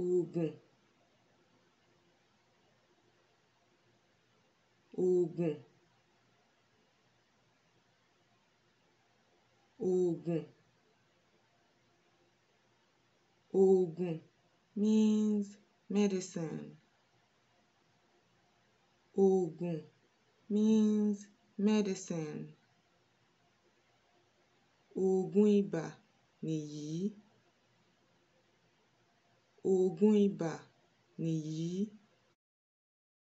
ògùn ògùn ògùn ògùn means medicine ògùn means medicine ògùn ibà nìyí oògùn ibà nìyí